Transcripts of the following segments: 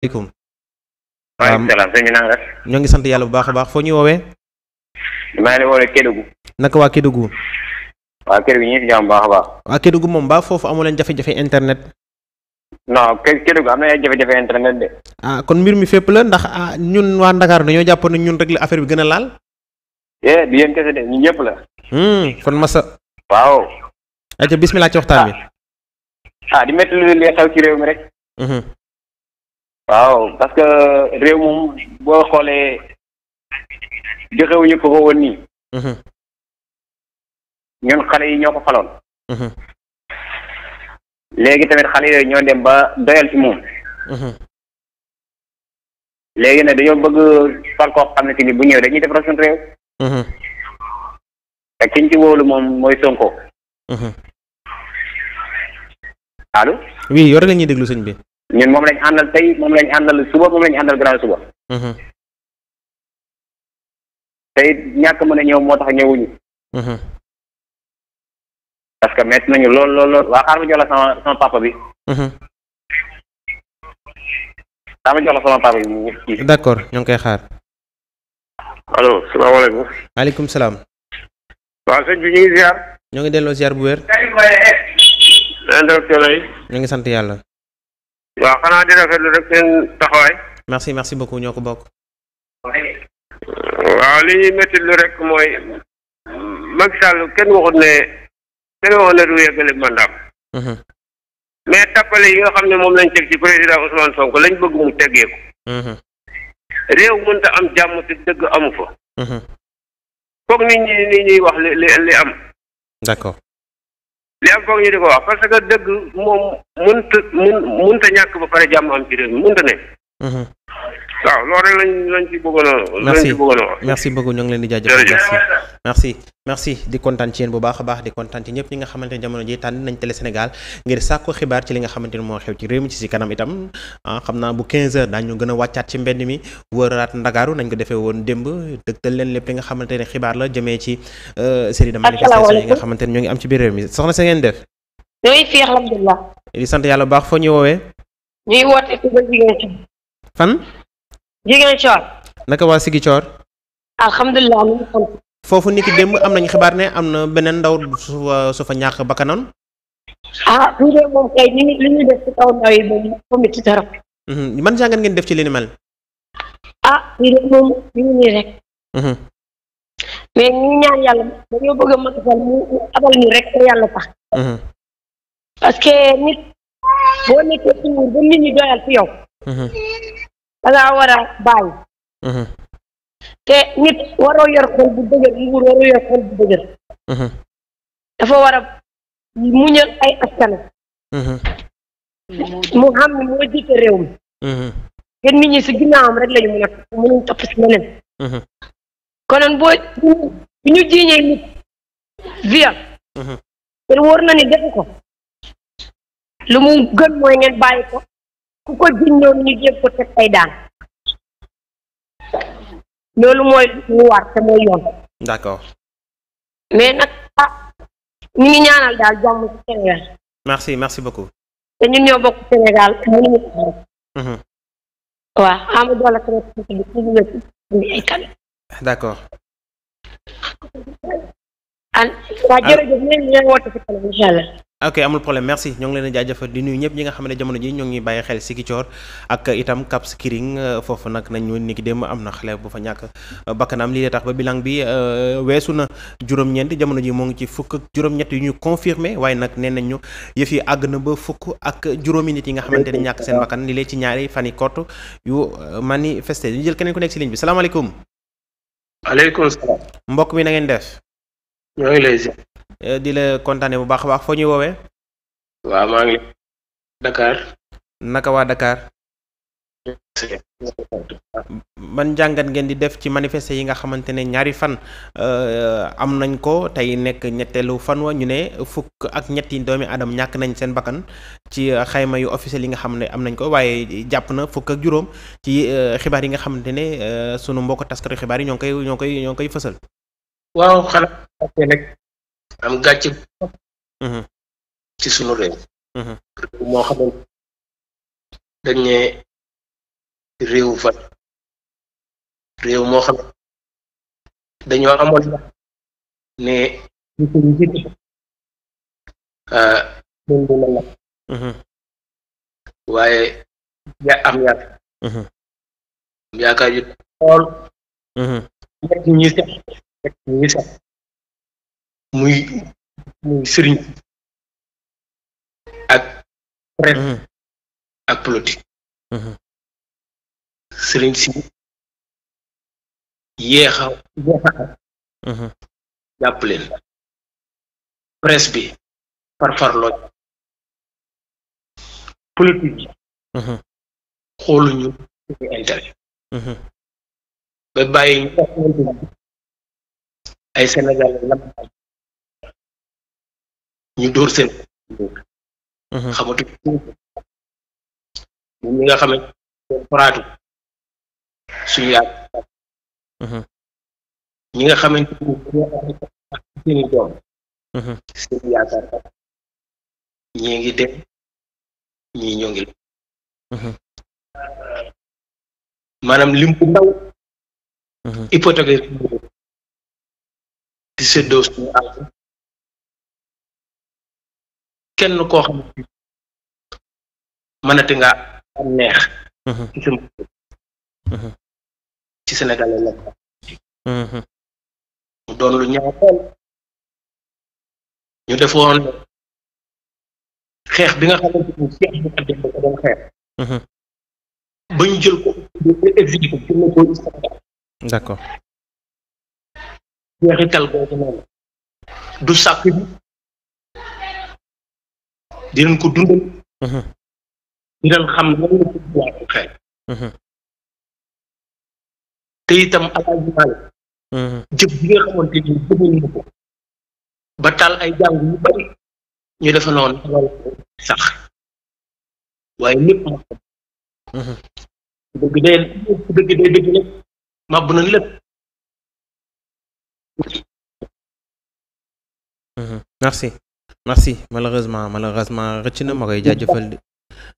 maaleykum. waaleykum salaam na ñoo ngi sant yàlla bu baax a baax foo ñu woowee. maa ngi lay woowee Kédougou. naka waa Kédougou. waa Kédougou ñu baax a baax. waa Kédougou moom baa foofu amu leen jafe-jafe internet. non Kédougou am na ay jafe-jafe de. Ah, kon mbir mi fépp la ndax ah ñun waa Ndakaaru dañoo jàpp ne ñun rek la affaire bi gën a laal. eh du yéen kese de ñun ñëpp la. Hmm, kon Massa. waaw. ayca bismillah ci waxtaan bi. Ah, ah, di métti lu xew ci réew mi rek. Hmm. waaw parce que réew moom boo xoolee joxewuñu ko ko woon nii. ñoom mhm. xale yi ñoo ko faloon. Mhm. léegi tamit xale yooyu ñoo dem ba doyal ci moom. Mhm. léegi nag dañoo bëgg fal koo xam ne si ni bu ñëwee dañuy defar suñu réew. te kiñ ci wóolu moom mooy Sonko. allo. oui yore la ñuy déglu sëñ bi. ñun moom lañ àndal tey moom lañ àndal suba moom lañ àndal gannaaw suba. Mm-hmm. te ñàkk mën a ñëw moo tax ñëwuñu. Mm-hmm. parce que métti nañu lool lool lool waa xaaral ma jox sama sama bi. Mm-hmm. xaaral ñoo ngi koy xaar. allo salaamaaleykum. maaleykum salaam. waaw sëñ bi ñu ngi ziar. ñoo ngi delloo ziar bu wér. ñu ngi sant yàlla. waaw xanaa di rafetlu rek seen taxawaay. merci merci beaucoup ñoo ko bokk. waaw li ñuy métti lu rek mooy Macky Sall kenn waxut ne kenn waxut ne du yeggale mandaam mhm. mais tappale yi nga xam ne moom lañ teg ci président Ousmane Sonko lañ bëgg mu teggee ko. Mhm. réew mënta am jàmm te dëgg amu fa. Mhm. foog nit ñi nit ñuy wax li li li am. d'accord. li am foog ñu di ko wax parce que dëgg moom mënta mun mënta ñàkk ba pare jàmm am ci réew mi mënta ne mm-hmm. waaw loolu a. merci merci beaucoup ñu ngi leen di jaajëfal merci merci merci di kontaan ci yéen bu baax a baax di kontaan ci ñëpp ñi nga xamante ne jamono ji tànn nañ télé Sénégal ngir sàkku xibaar ci li nga xamante ne moo xew ci réew mi ci si kanam itam ah xam naa bu 15 heures daañu gën a wàccaat ci mbedd mi wëraat ndagaaru nañ ko defee woon démb dëgtal leen lépp li nga xamante ne xibaar la jëmee ci euh, série de manifestation yi nga xamante ne ñoo ngi am ci biir réew mi soxna sa ngeen def. ñooy sant yàlla bu baax foo ñuy woowee. ñuy woote fan jigéen coor. naka waa Sigi coor. foofu niki démb am nañu xibaar ne am na beneen ndaw su fa ñàkk bakkanam. ah bu moom kay ni li def ci kaw ndaw yi moom moom it ci dara. man jàngat ngeen def ci li mel. ah lii de moom ñu nii rek. Mhm. mais ñu ñaan yàlla dañoo bëgg magasal mu abal ñu rek te yàlla tax. Mhm. parce nit boo nekkee ci nguur ba nit ñi doyal fi yow. Mhm. dangaa war a mm-hmm. te nit waroo yor bu dëgër nguur waroo yor xol bu dëgër mm-hmm. dafa war a muñal ay askana mm-hmm. mu xam ne moo réew mi kenn nit ñi si ginnaawam rek lañu mun a mënuñ topp si leneen konoon boo bu ñu jiiñee nit viol te wóor na ni defu ko lu mu gën mooy ngeen bàyyi ko ku ko jiññoon ñu jéem ko teg ay daan loolu mooy lu war te mooy yoon d'accord mais nag ah, ñu ñaanal daal jàmm ci Sénégal merci merci beaucoup te ñun ñoo bokk Sénégal mënuñu ko mm-hmm. waaw Amadou Ba la ko ay kan d'accord an waa jërëjëf ñu ngi woote ci kanam incha allah ok amul problème merci ñoo ngi leen di jaajëfal di nuyu ñëpp ñi nga xam ne jamono ji ñoo ngi bàyyi xel Sigicoor ak itam Cap Skirring euh, foofu nag nañ ñu ni ki dem am na xale bu fa ñàkk euh, bakkanam lii la tax ba bilan bi euh, weesu na juróom-ñeent jamono ji moo ngi ci fukk ak juróom-ñett yu ñu confirmé waaye nag nee nañ ñu yëf yi àgg na ba fukk ak juróomi nit yi nga xamante ni ñàkk seen bakkan li lee ci ñaari fan yi kort yu manifesté ñu jël keneen ko nekk si ligne bi salaamaaleykum. aleykum mbokk mi na ngeen ñoo ngi lay Euh, di la kontaane bu baax a baax foo ñuy woowee. waaw maa ngi Dakar. naka waa Dakar. man jàngat ngeen di def ci manifester yi nga xamante ne ñaari fan euh, am nañ ko tey nekk ñetteelu fan wa ñu ne fukk ak ñetti doomi aadama ñàkk nañ seen bakkan ci euh, xayma yu officiel yi nga xam ne am nañ ko waaye jàpp na fukk ak juróom ci xibaar yi nga xamante ne sunu mbokk taskatu xibaar yi ñoo koy ñoo koy ñoo ngi koy fësal. waaw xanaa am gàcc mhm. ci sunu réew mhm. moo xam ne dañ réew fan réew moo xam ne dañoo amoon ne ñu ko njiit mun mun ya am yaakaar mhm. yaakaar yu tool ñett ñi sax ñett ñi sax muy muy sëriñ ak prêtre mhm. ak politique mhm. sëriñ si yéexa yeexa mhm. jàpp leen presse bi parparloo politique yi xooluñu suñu intérêt ba bàyyi ñu ay Sénégal lam ñu dóor seen ñi nga xam ne foraatu suñu yaay ñi nga xamante ni seeni doom seen ngi dem ñii ñoo ngi maanaam lim bu ndaw hypothèque kenn koo xam ne mënati nga am neex mhm. ci suma mhm. ci Sénégal la mhm. doon lu ñaaw xool ñu defoon xeex bi nga xamante ni doon xeex ba ñu jël ko exilé ko jël du sàkk bi dinañ ko dundal. Mhm. dinañ xam lan la ko waaw mhm. te itam alaaji Maalik. Mhm. jëf bi nga xamante ni jëfal na ko ba taal ay jàng yu bari ñu defe sax waaye lépp ma dëgg day dëgg day merci merci malheureusement malheureusement rëcc na ma koy jaajëfal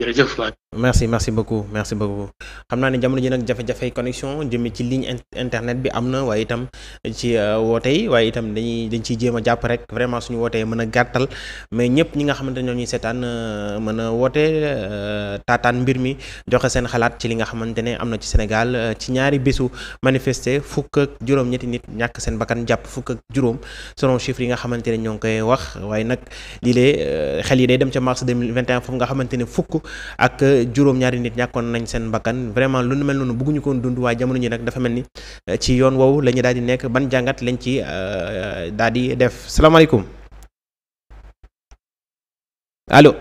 jërëjëf waay. merci merci beaucoup merci beaucoup xam naa ne jamono ji nag jafe-jafe connexion jëmee ci ligne internet bi am na waaye itam ci euh, woote yi waaye itam dañuy dañ ciy jéem a jàpp rek vraiment suñu wootee mën a gàttal mais ñëpp ñi nga xamante ñoo ñuy seetaan euh, mën a woote euh, taataan mbir mi joxe seen xalaat ci li nga xamante ne am na ci Sénégal ci ñaari bésu manifester fukk ak juróom-ñetti nit ñàkk seen bakkan jàpp fukk ak juróom selon chiffres yi nga xamante ne ñoo ngi koy wax waaye nag lii de fukk ak euh, juróom-ñaari nit ñàkkoon nañ seen bakkan vraiment lu mel noonu bëgguñu koon dund waaye jamono ñi nag dafa mel ni euh, ci yoon woowu la ñu nekk ban jàngat lañ ci euh, daal di def salaamaaleykum allo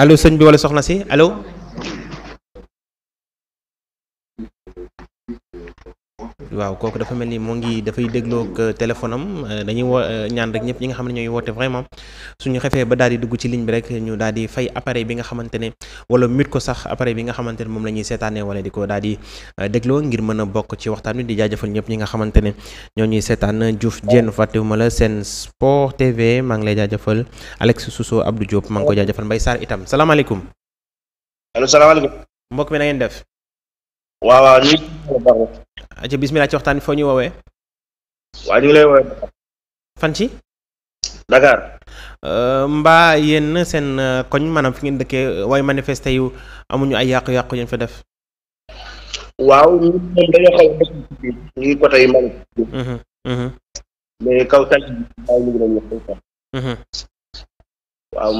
allo sëñ bi wala soxna si allo. waaw kooku dafa mel ni moo ngi dafay dégloog euh, téléphone am euh, dañuy wo euh, ñaan rek ñëpp ñi nga xam ne ñooy woote vraiment suñu xefee ba daal di dugg ci ligne bi rek ñu daal di fay appareil bi nga xamante ne wala mute ko sax appareil bi nga xamante ne moom la ñuy seetaanee wala di ko daal di dégloo ngir mën a bokk ci waxtaan wi di jaajëfal ñëpp ñi nga xamante ne ñoo ñuy seetaan Diouf Dieng fàttewuma la seen Sport TV maa ngi lay jaajëfal Alex Sousso Abdou Diop maa ngi koy jaajëfal Mbaye Sarr itam salaamaaleykum. allo salaamaaleykum. mbokk mi na ngeen def. aja bismillah ci waxtaan foo ñuy woowee waa ñu lay woowee fan ci Dakar mbaa ehm, yéen seen eh, koñ maanaam fi ngeen dëkkee waaye manifesté yu amuñu ay yàqu-yàqu yéen fa def waaw ñun moom dañoo xaw a mhm, mhm. Mhm.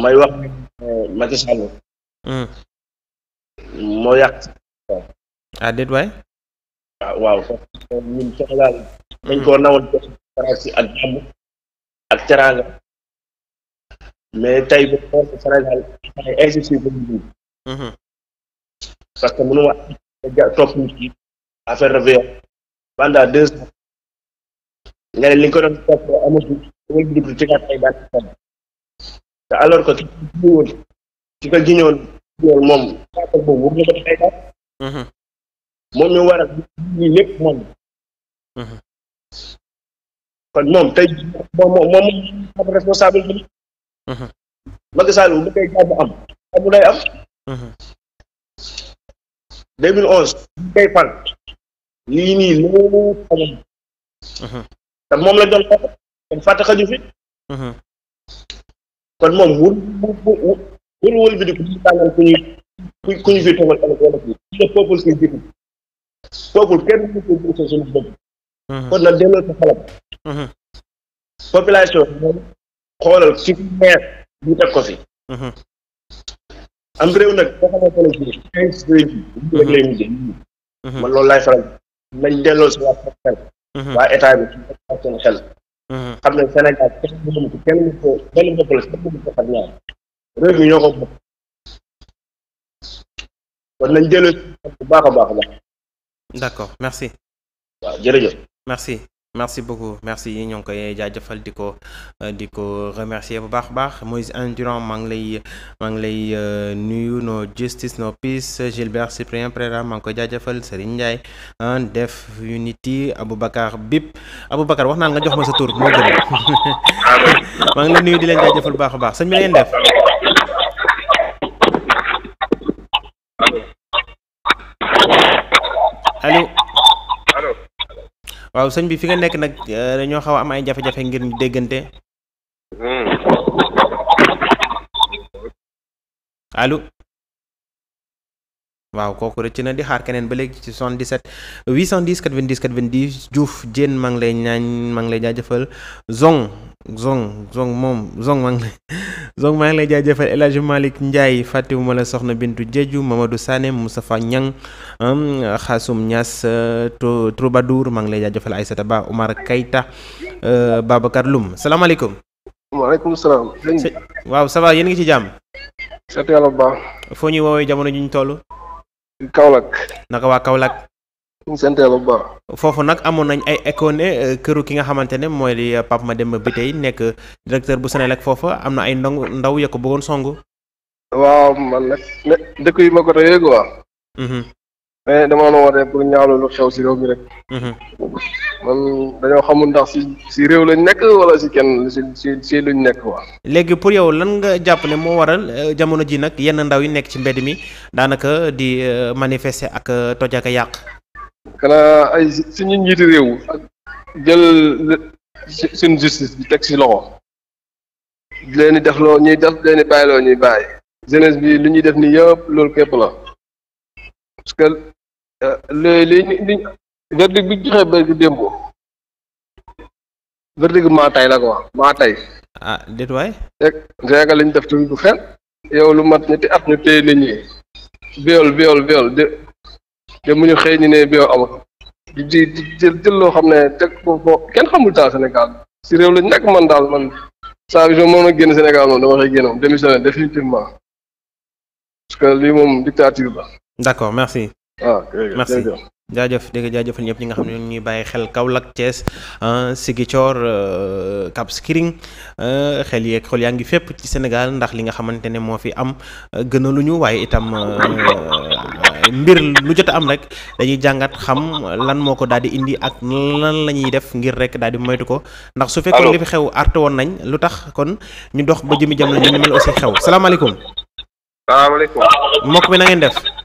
may wax eh, Macky Sall moo yàq ah déet waaw waaw ñun Sénégal dañ koo ak teraanga mais tey bu xool Sénégal ay injustice parce que mënu wax topp nit ki affaire de viol deux ans ne li nga ko doon topp amatu nga jublu ci kat ay daan te alors que ki ko jiñoon ki ko jiñoon moom boobu wër moom ñu war a ñu lépp moom kon moom tey moom moom am responsable bi Macky Sall bu koy jàmm am jàmm day am deux mille onze bu koy fal lii nii lépp xamam te moom la doon fàtt kon fàtt xaju fi kon moom wul wul wul bi di ku ñu tànnal ku ñu ku ñu fi toogal tamit wala fii le peuple ki jiitu toogul kenn ku ko bëgg suñu bëgg. Mhm. kon nag delloo sa xalam. Mhm. population xoolal ki neex ñu teg ko fi. Mhm. am réew nag boo xamante ne loolu laay faral nañ Sénégal réew ñoo ko bokk kon nañ delloo si bu baax baax baax. d'accord merci. waaw jërëjëf. merci. merci beaucoup merci ñoo ngi koy jaajëfal di ko di ko remercier bu baax a baax Moïse Endurant maa ngi lay maa ngi lay euh, nuyu no justice no peace Gilbert Cyprien Préra maa ngi koy jaajëfal Serigne Ndiaye ah, Def Unity Aboubacar Bip Aboubacar wax naan nga jox ma sa tur moo gën maa ngi lay nuyu di leen jaajëfal bu baax a baax sëñ bi ngeen def. allo waaw sëñ bi fi nga nekk nag euh, dañoo xaw a am ay jafe-jafe ngir déggante. Hmm. allo. waaw kooku rëcc na di xaar keneen ba léegi ci 77 810 90 90 Diouf Dieng maa ngi lay ñaan maa ngi lay jaajëfal Zong. Zong Zong moom Zong maa ngi lay Zong maa ngi lay jaajëfal El Hadj Malick Ndiaye fàttewuma la soxna Bintu Diédhiou Mamadou Sané Moustapha Niang Xasum Niass Troubadour maa ngi lay jaajëfal Aïssata Ba Omar Kayta Babacar Loum salaamaaleykum. waaleykum salaam. waaw ça va yéen ngi ci jàmm. sant yàlla bu foo ñuy woowee jamono ji ñu toll. Kaolack. naka waa Kaolack. foofu nag amoon nañ ay école euh, këru ki nga xamante ne mooy li euh, Pape Mademba Bitèye nekk euh, directeur bu Senelec foofa am na ay ndaw ndaw ya ko bëggoon song. waaw man nag ne dëkk yu ma ko doyee quoi. Mm-hmm. mais si réew mi rek. Mm-hmm. man dañoo xamul ndax si si réew lañ nekk wala si kenn si si luñ nekk quoi. léegi pour yow lan nga jàpp ne moo waral jamono ji nag yenn ndaw yi nekk ci mbedd mi daanaka di manifester ak toj ak yàq. xanaa ay suñu njiiti réew ak jël seen justice bi teg ci loxo leen di loo ñuy def leen di bàyyi loo ñuy bàyyi jeunesse bi lu ñuy def nii yëpp loolu képp la parce que euh, li bi joxe bërki démb verdict bi maa la quoi maa ah déet waay rek li ñu def tamit bu xel yow lu mat ñetti at ñu téye nit ñi viol viol viol te mu ñu xëy ñu ne bio amul di di jël jël loo xam ne teg ko boo kenn xamul daal Sénégal si réew la ñàkk man daal man saa vision moom a génn Sénégal moom dama xëy génn moom démissionné définitivement parce que lii moom dictature la. merci. waaw ah, jaajëf dégg jaajëfal ñëpp ñi nga xam ne ñuy bàyyi xel Kaolack Thiès Ziguinchor euh, Cap Skirring euh, xel yeeg xol yaa ngi fépp ci Sénégal ndax li nga xamante ne moo fi am euh, ñu waaye itam. mbir lu jot am rek dañuy jàngat xam lan moo ko daal di indi ak lan la ñuy def ngir rek daal di moytu ko ndax su fekkoon li fi xew arte woon nañ lu tax kon ñu dox ba jëmi jam la ñu mel aussi xew salaamaaleykum salaamaaleykum mbokk mi na ngeen def